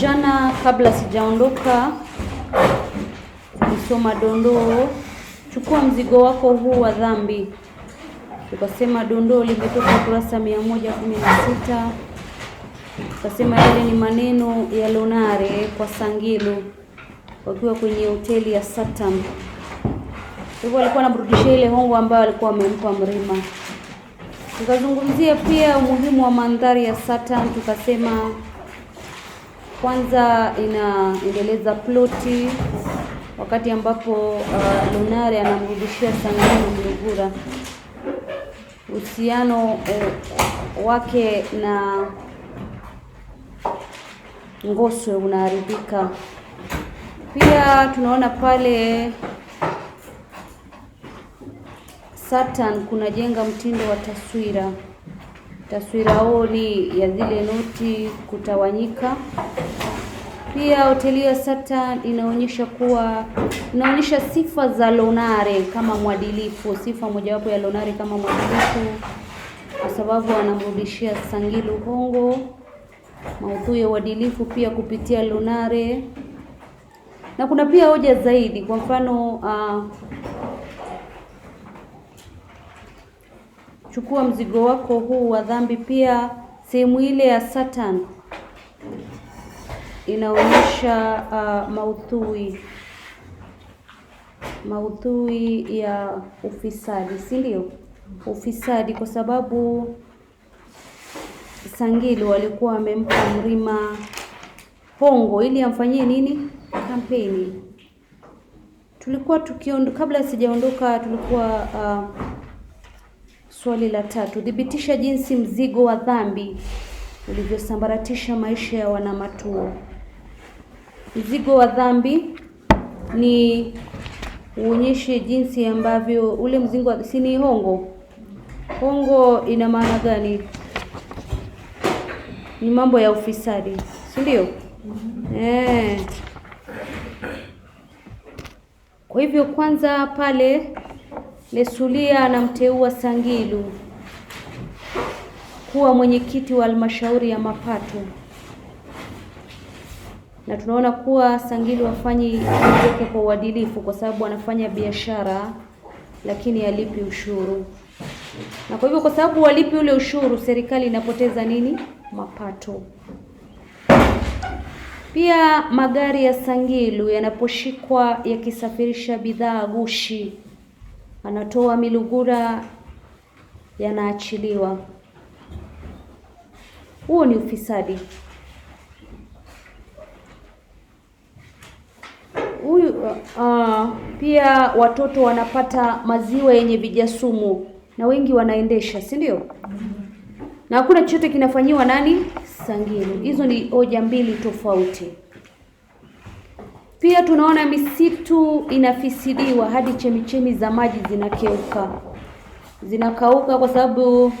Jana kabla sijaondoka kusoma dondoo, chukua mzigo wako huu wa dhambi. Tukasema dondoo limetoka kurasa mia moja kumi na sita. Tukasema yale ni maneno ya Lonare kwa Sangilu wakiwa kwenye hoteli ya Satam. Hivyo alikuwa anaburudisha ile hongo ambayo alikuwa amempa Mrima. Tukazungumzia pia umuhimu wa mandhari ya Satam, tukasema kwanza inaendeleza ploti wakati ambapo uh, Lunare anamrudishia Sangani Mlugura uhusiano uh, wake na Ngoswe unaharibika. Pia tunaona pale satan kunajenga mtindo wa taswira taswira oni ya zile noti kutawanyika. Pia hoteli ya Saturn inaonyesha kuwa inaonyesha sifa za Lonare kama mwadilifu, sifa mojawapo ya Lonare kama mwadilifu, kwa sababu anamrudishia Sangilu hongo, maudhui ya uadilifu pia kupitia Lonare. Na kuna pia hoja zaidi, kwa mfano uh, Chukua mzigo wako huu wa dhambi. Pia sehemu ile ya Satan inaonyesha uh, maudhui maudhui ya ufisadi, si ndio? Ufisadi kwa sababu Sangili walikuwa wamempa Mrima hongo ili amfanyie nini? Kampeni. Tulikuwa tukiondoka, kabla sijaondoka, tulikuwa uh, Swali la tatu, thibitisha jinsi mzigo wa dhambi ulivyosambaratisha maisha ya wanamatuo. Mzigo wa dhambi ni uonyeshe jinsi ambavyo ule mzigo wa si ni hongo. Hongo ina maana gani? Ni mambo ya ufisadi, si ndio? Eh, kwa hivyo kwanza pale Lesulia anamteua Sangilu kuwa mwenyekiti wa halmashauri ya mapato, na tunaona kuwa Sangilu hafanyi kazi yake kwa uadilifu, kwa sababu anafanya biashara lakini halipi ushuru, na kwa hivyo, kwa sababu walipi ule ushuru, serikali inapoteza nini? Mapato. Pia magari ya Sangilu yanaposhikwa yakisafirisha bidhaa gushi anatoa milugura, yanaachiliwa. Huo ni ufisadi. Huyu uh, pia watoto wanapata maziwa yenye vijasumu na wengi wanaendesha, si ndio? Na hakuna chochote kinafanyiwa nani Sangili. Hizo ni hoja mbili tofauti. Pia tunaona misitu inafisidiwa hadi chemichemi za maji zinakeuka, zinakauka kwa sababu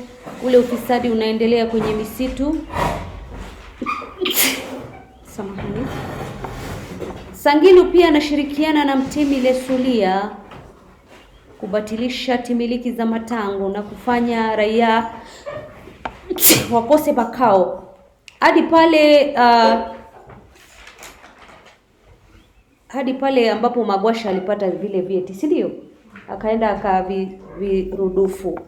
ule ufisadi unaendelea kwenye misitu. Samahani. Sangilu pia anashirikiana na Mtemi Lesulia kubatilisha timiliki za matango na kufanya raia wakose makao hadi pale uh, hadi pale ambapo Magwasha alipata vile vyeti, si ndio? Akaenda akavirudufu.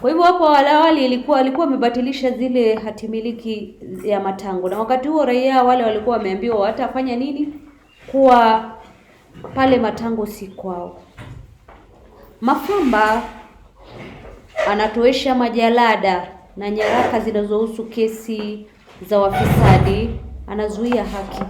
Kwa hivyo hapo awali ilikuwa alikuwa amebatilisha zile hatimiliki ya matango, na wakati huo raia wale walikuwa wameambiwa watafanya nini, kuwa pale matango si kwao. Mafamba anatoesha majalada na nyaraka zinazohusu kesi za wafisadi, anazuia haki.